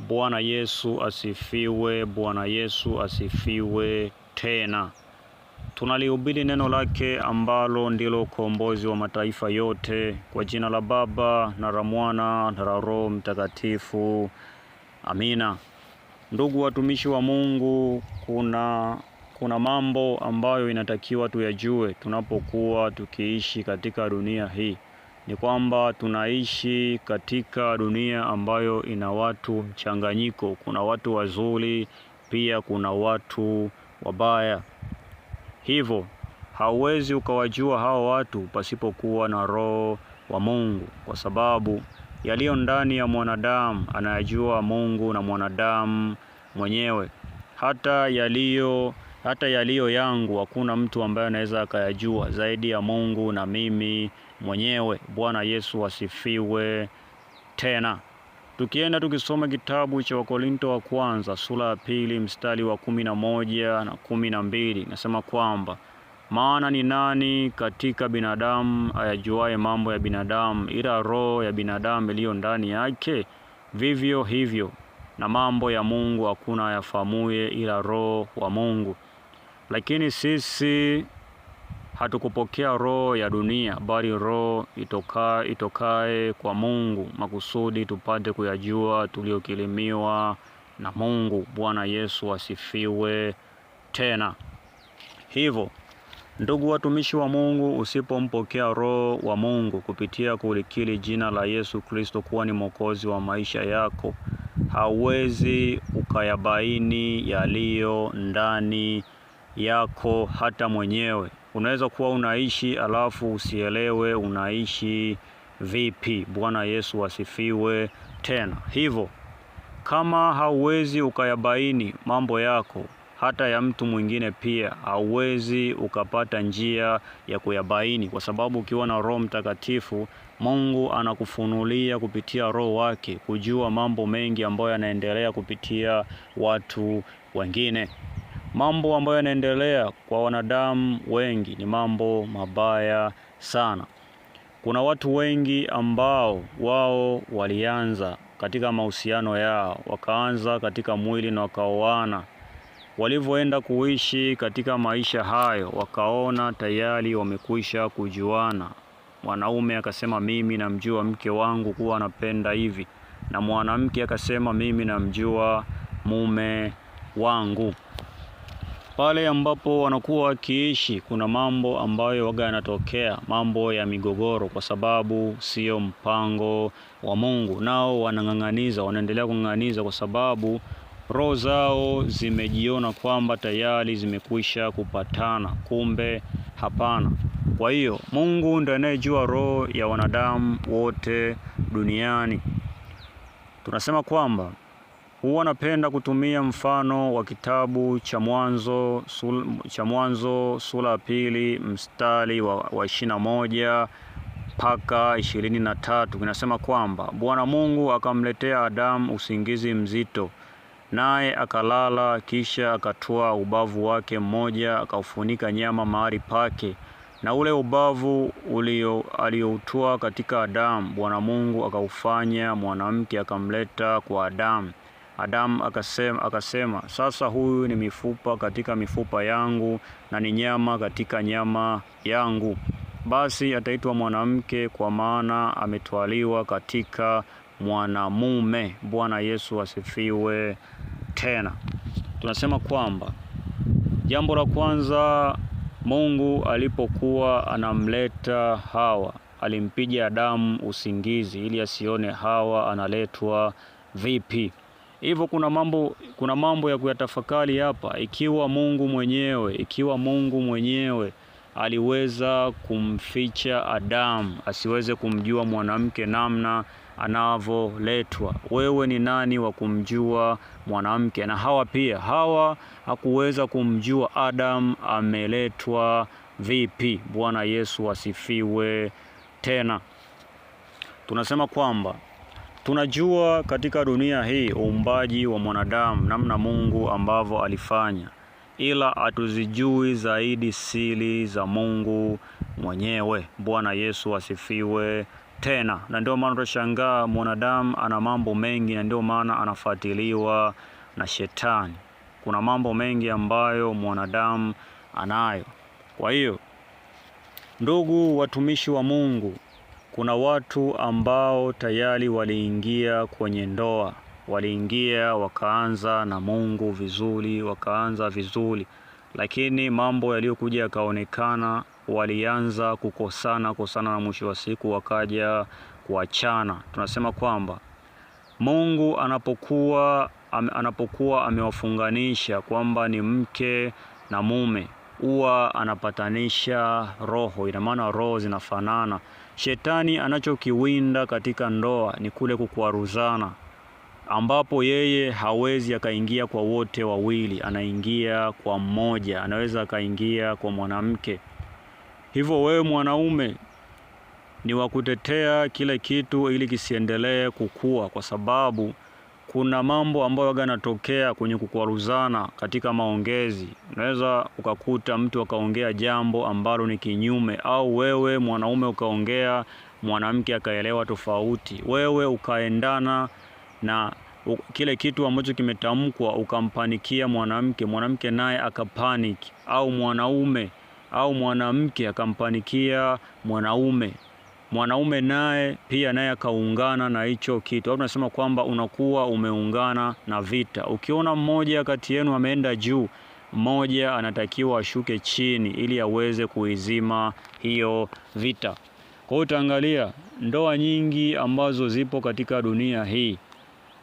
Bwana Yesu asifiwe, Bwana Yesu asifiwe. Tena tunalihubiri neno lake ambalo ndilo ukombozi wa mataifa yote, kwa jina la Baba na la Mwana na la Roho Mtakatifu, amina. Ndugu watumishi wa Mungu, kuna kuna mambo ambayo inatakiwa tuyajue tunapokuwa tukiishi katika dunia hii ni kwamba tunaishi katika dunia ambayo ina watu mchanganyiko. Kuna watu wazuri, pia kuna watu wabaya. Hivyo hauwezi ukawajua hao watu pasipokuwa na roho wa Mungu, kwa sababu yaliyo ndani ya mwanadamu anayajua Mungu na mwanadamu mwenyewe, hata yaliyo hata yaliyo yangu hakuna mtu ambaye anaweza akayajua zaidi ya Mungu na mimi mwenyewe. Bwana Yesu asifiwe. Tena tukienda tukisoma kitabu cha Wakorinto wa kwanza sura ya pili mstari wa kumi na moja na kumi na mbili nasema kwamba maana ni nani katika binadamu ayajuaye mambo ya binadamu ila roho ya binadamu iliyo ndani yake? Vivyo hivyo na mambo ya Mungu hakuna ayafahamuye ila roho wa Mungu. Lakini sisi hatukupokea roho ya dunia, bali roho itoka, itokaye kwa Mungu, makusudi tupate kuyajua tuliokilimiwa na Mungu. Bwana Yesu asifiwe. Tena hivyo Ndugu watumishi wa Mungu, usipompokea Roho wa Mungu kupitia kulikili jina la Yesu Kristo kuwa ni mwokozi wa maisha yako, hauwezi ukayabaini yaliyo ndani yako hata mwenyewe. Unaweza kuwa unaishi alafu usielewe unaishi vipi. Bwana Yesu asifiwe. Tena hivyo, kama hauwezi ukayabaini mambo yako hata ya mtu mwingine pia hauwezi ukapata njia ya kuyabaini, kwa sababu ukiwa na Roho Mtakatifu, Mungu anakufunulia kupitia Roho wake kujua mambo mengi ambayo yanaendelea kupitia watu wengine. Mambo ambayo yanaendelea kwa wanadamu wengi ni mambo mabaya sana. Kuna watu wengi ambao wao walianza katika mahusiano yao, wakaanza katika mwili na wakaoana. Walivyoenda kuishi katika maisha hayo, wakaona tayari wamekwisha kujuana. Mwanaume akasema mimi namjua mke wangu kuwa anapenda hivi, na mwanamke akasema mimi namjua mume wangu pale ambapo wanakuwa wakiishi, kuna mambo ambayo waga yanatokea, mambo ya migogoro, kwa sababu sio mpango wa Mungu. Nao wanang'ang'aniza, wanaendelea kung'ang'aniza kwa sababu roho zao zimejiona kwamba tayari zimekwisha kupatana, kumbe hapana. Kwa hiyo Mungu ndiye anayejua roho ya wanadamu wote duniani. Tunasema kwamba huwa napenda kutumia mfano wa kitabu cha Mwanzo sul, cha Mwanzo sura ya pili mstari wa ishirini na moja mpaka ishirini na tatu kinasema kwamba Bwana Mungu akamletea Adamu usingizi mzito, naye akalala. Kisha akatoa ubavu wake mmoja akaufunika nyama mahali pake, na ule ubavu aliyoutoa katika Adamu Bwana Mungu akaufanya mwanamke, akamleta kwa Adamu. Adamu akasema, akasema sasa huyu ni mifupa katika mifupa yangu na ni nyama katika nyama yangu, basi ataitwa mwanamke kwa maana ametwaliwa katika mwanamume. Bwana Yesu asifiwe. Tena tunasema kwamba jambo la kwanza, Mungu alipokuwa anamleta Hawa alimpiga Adamu usingizi ili asione Hawa analetwa vipi. Hivyo kuna mambo, kuna mambo ya kuyatafakari hapa, ikiwa Mungu mwenyewe, ikiwa Mungu mwenyewe aliweza kumficha Adamu asiweze kumjua mwanamke namna anavyoletwa, wewe ni nani wa kumjua mwanamke? Na Hawa pia, Hawa hakuweza kumjua Adamu ameletwa vipi. Bwana Yesu asifiwe. Tena tunasema kwamba Tunajua katika dunia hii uumbaji wa mwanadamu, namna Mungu ambavyo alifanya, ila hatuzijui zaidi siri za Mungu mwenyewe. Bwana Yesu asifiwe tena. Na ndio maana tunashangaa mwanadamu ana mambo mengi, na ndio maana anafuatiliwa na shetani. Kuna mambo mengi ambayo mwanadamu anayo. Kwa hiyo, ndugu watumishi wa Mungu, kuna watu ambao tayari waliingia kwenye ndoa, waliingia wakaanza na Mungu vizuri, wakaanza vizuri, lakini mambo yaliyokuja yakaonekana, walianza kukosana kosana, na mwisho wa siku wakaja kuachana. Tunasema kwamba Mungu anapokuwa anapokuwa amewafunganisha kwamba ni mke na mume huwa anapatanisha roho, ina maana roho zinafanana. Shetani anachokiwinda katika ndoa ni kule kukwaruzana, ambapo yeye hawezi akaingia kwa wote wawili, anaingia kwa mmoja, anaweza akaingia kwa mwanamke. Hivyo wewe mwanaume ni wa kutetea kile kitu ili kisiendelee kukua, kwa sababu kuna mambo ambayo aga yanatokea kwenye kukwaruzana katika maongezi. Unaweza ukakuta mtu akaongea jambo ambalo ni kinyume, au wewe mwanaume ukaongea, mwanamke akaelewa tofauti, wewe ukaendana na kile kitu ambacho kimetamkwa ukampanikia mwanamke, mwanamke naye akapanik, au mwanaume au mwanamke akampanikia mwanaume mwanaume naye pia naye akaungana na hicho kitu, au tunasema kwamba unakuwa umeungana na vita. Ukiona mmoja kati yenu ameenda juu, mmoja anatakiwa ashuke chini, ili aweze kuizima hiyo vita. Kwa hiyo utaangalia ndoa nyingi ambazo zipo katika dunia hii,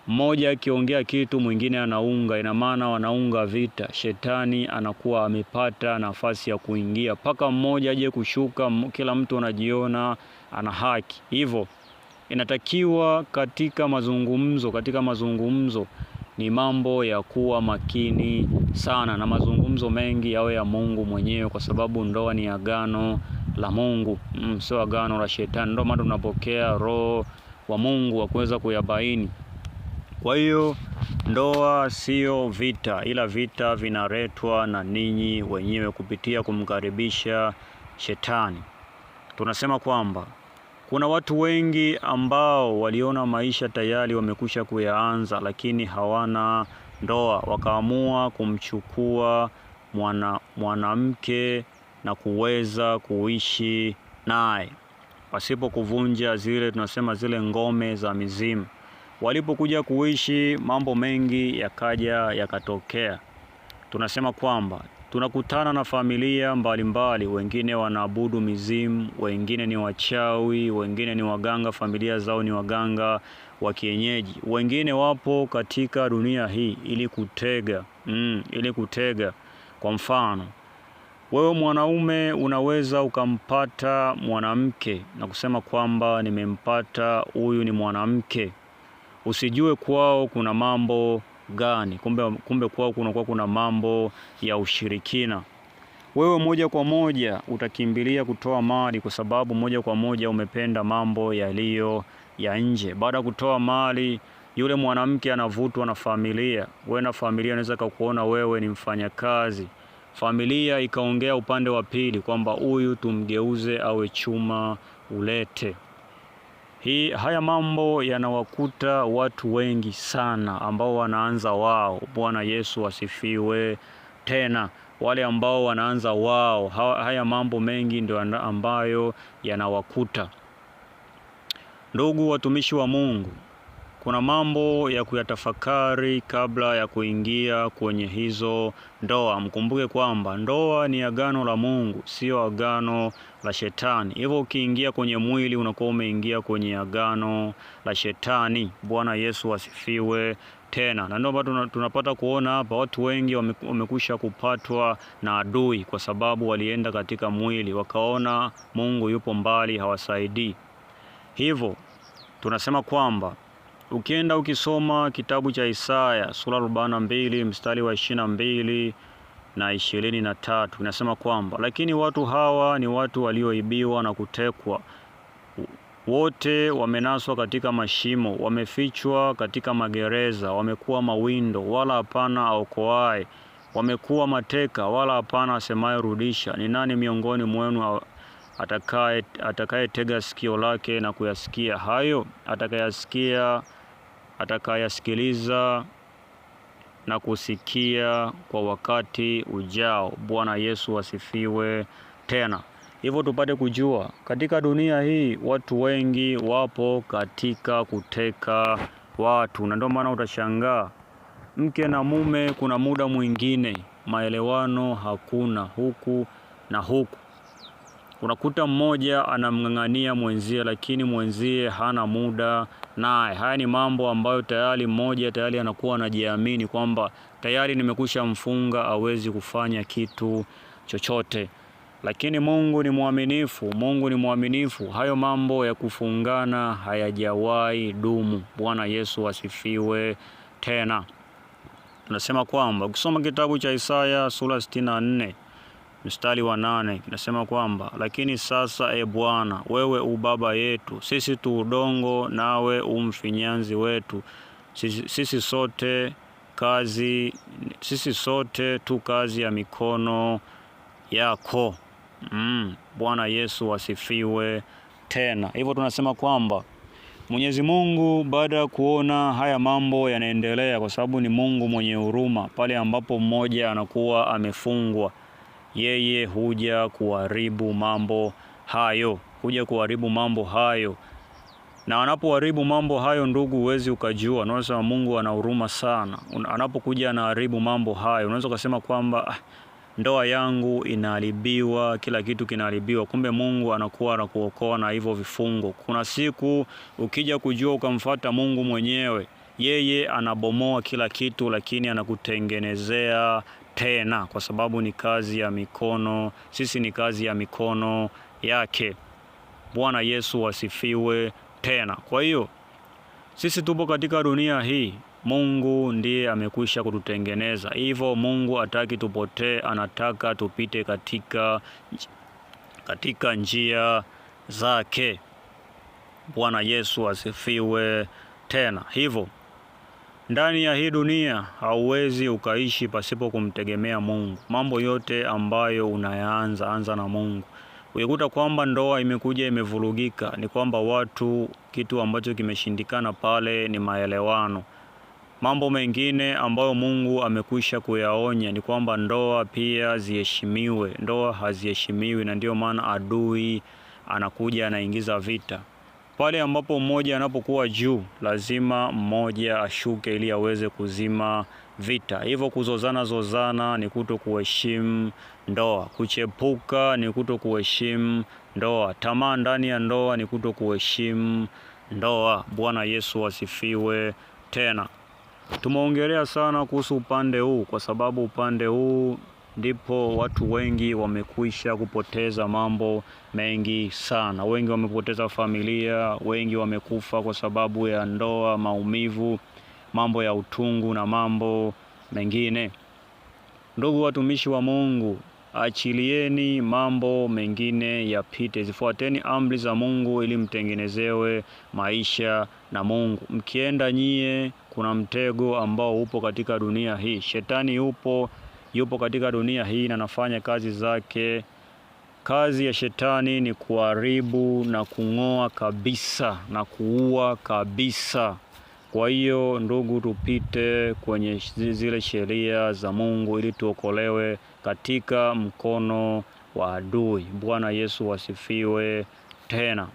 mmoja akiongea kitu mwingine anaunga, ina maana wanaunga vita. Shetani anakuwa amepata nafasi ya kuingia mpaka mmoja aje kushuka, kila mtu anajiona ana haki. Hivyo inatakiwa katika mazungumzo, katika mazungumzo ni mambo ya kuwa makini sana, na mazungumzo mengi yawe ya Mungu mwenyewe, kwa sababu ndoa ni agano la Mungu, mm, sio agano la shetani. Ndio maana tunapokea roho wa Mungu wa kuweza kuyabaini. Kwa hiyo ndoa sio vita, ila vita vinaletwa na ninyi wenyewe kupitia kumkaribisha shetani. Tunasema kwamba kuna watu wengi ambao waliona maisha tayari wamekusha kuyaanza, lakini hawana ndoa, wakaamua kumchukua mwana mwanamke na kuweza kuishi naye pasipo kuvunja zile tunasema zile ngome za mizimu. Walipokuja kuishi, mambo mengi yakaja yakatokea. Tunasema kwamba tunakutana na familia mbalimbali mbali. Wengine wanaabudu mizimu, wengine ni wachawi, wengine ni waganga, familia zao ni waganga wa kienyeji. Wengine wapo katika dunia hii ili kutega mm, ili kutega. Kwa mfano wewe mwanaume unaweza ukampata mwanamke na kusema kwamba nimempata huyu ni mwanamke. Usijue kwao kuna mambo gani? Kumbe, kumbe kwao kunakuwa kuna mambo ya ushirikina. Wewe moja kwa moja utakimbilia kutoa mali kwa sababu moja kwa moja umependa mambo yaliyo ya nje. Baada ya kutoa mali, yule mwanamke anavutwa na familia. Wewe na familia inaweza kukuona wewe ni mfanyakazi, familia ikaongea upande wa pili kwamba huyu tumgeuze awe chuma ulete. Hii, haya mambo yanawakuta watu wengi sana ambao wanaanza wao. Bwana Yesu asifiwe. Tena wale ambao wanaanza wao, haya mambo mengi ndio ambayo yanawakuta. Ndugu watumishi wa Mungu, kuna mambo ya kuyatafakari kabla ya kuingia kwenye hizo ndoa. Mkumbuke kwamba ndoa ni agano la Mungu, sio agano la shetani. Hivyo ukiingia kwenye mwili unakuwa umeingia kwenye agano la shetani. Bwana Yesu asifiwe tena. Na ndio ambayo tunapata kuona hapa watu wengi wamekwisha kupatwa na adui, kwa sababu walienda katika mwili wakaona Mungu yupo mbali, hawasaidii. Hivyo tunasema kwamba Ukienda ukisoma kitabu cha Isaya sura 42 mstari wa ishirini na mbili na ishirini na tatu inasema kwamba lakini watu hawa ni watu walioibiwa na kutekwa, wote wamenaswa katika mashimo, wamefichwa katika magereza, wamekuwa mawindo, wala hapana aokoaye, wamekuwa mateka, wala hapana asemaye rudisha. Ni nani miongoni mwenu atakayetega sikio lake na kuyasikia hayo, atakayasikia, atakayasikiliza na kusikia kwa wakati ujao. Bwana Yesu asifiwe tena. Hivyo tupate kujua katika dunia hii watu wengi wapo katika kuteka watu, na ndio maana utashangaa mke na mume, kuna muda mwingine maelewano hakuna huku na huku. Unakuta mmoja anamng'ang'ania mwenzie, lakini mwenzie hana muda naye. Haya ni mambo ambayo tayari mmoja tayari anakuwa anajiamini kwamba tayari nimekusha mfunga, hawezi kufanya kitu chochote. Lakini Mungu ni mwaminifu, Mungu ni mwaminifu. Hayo mambo ya kufungana hayajawahi dumu. Bwana Yesu asifiwe. Tena tunasema kwamba ukisoma kitabu cha Isaya sura 64 mstari wa nane kinasema kwamba lakini sasa, e Bwana, wewe u baba yetu, sisi tu udongo, nawe u mfinyanzi wetu sisi, sisi sote kazi, sisi sote tu kazi ya mikono yako. Mm, Bwana Yesu wasifiwe tena. Hivyo tunasema kwamba Mwenyezi Mungu baada ya kuona haya mambo yanaendelea, kwa sababu ni Mungu mwenye huruma, pale ambapo mmoja anakuwa amefungwa yeye huja kuharibu mambo hayo, huja kuharibu mambo hayo. Na anapoharibu mambo hayo, ndugu, huwezi ukajua. Unaweza Mungu ana huruma sana, anapokuja anaharibu mambo hayo. Unaweza ukasema kwamba ah, ndoa yangu inaharibiwa, kila kitu kinaharibiwa. Kumbe Mungu anakuwa anakuokoa na hivyo vifungo. Kuna siku ukija kujua ukamfata Mungu mwenyewe, yeye anabomoa kila kitu, lakini anakutengenezea tena, kwa sababu ni kazi ya mikono, sisi ni kazi ya mikono yake. Bwana Yesu wasifiwe tena. Kwa hiyo sisi tupo katika dunia hii, Mungu ndiye amekwisha kututengeneza hivyo. Mungu hataki tupotee, anataka tupite katika, katika njia zake. Bwana Yesu asifiwe tena. Hivyo ndani ya hii dunia hauwezi ukaishi pasipo kumtegemea Mungu. Mambo yote ambayo unayaanza anza na Mungu. Ukikuta kwamba ndoa imekuja imevurugika, ni kwamba watu, kitu ambacho kimeshindikana pale ni maelewano. Mambo mengine ambayo Mungu amekwisha kuyaonya ni kwamba ndoa pia ziheshimiwe. Ndoa haziheshimiwi, na ndiyo maana adui anakuja anaingiza vita. Pale ambapo mmoja anapokuwa juu, lazima mmoja ashuke ili aweze kuzima vita. Hivyo kuzozana zozana ni kuto kuheshimu ndoa, kuchepuka ni kuto kuheshimu ndoa, tamaa ndani ya ndoa ni kuto kuheshimu ndoa. Bwana Yesu asifiwe. Tena tumeongelea sana kuhusu upande huu, kwa sababu upande huu ndipo watu wengi wamekwisha kupoteza mambo mengi sana. Wengi wamepoteza familia, wengi wamekufa kwa sababu ya ndoa, maumivu, mambo ya utungu na mambo mengine. Ndugu watumishi wa Mungu, achilieni mambo mengine yapite, zifuateni amri za Mungu ili mtengenezewe maisha na Mungu. Mkienda nyie, kuna mtego ambao upo katika dunia hii, shetani yupo yupo katika dunia hii na anafanya kazi zake. Kazi ya shetani ni kuharibu na kung'oa kabisa na kuua kabisa. Kwa hiyo ndugu, tupite kwenye zile sheria za Mungu ili tuokolewe katika mkono wa adui. Bwana Yesu wasifiwe tena.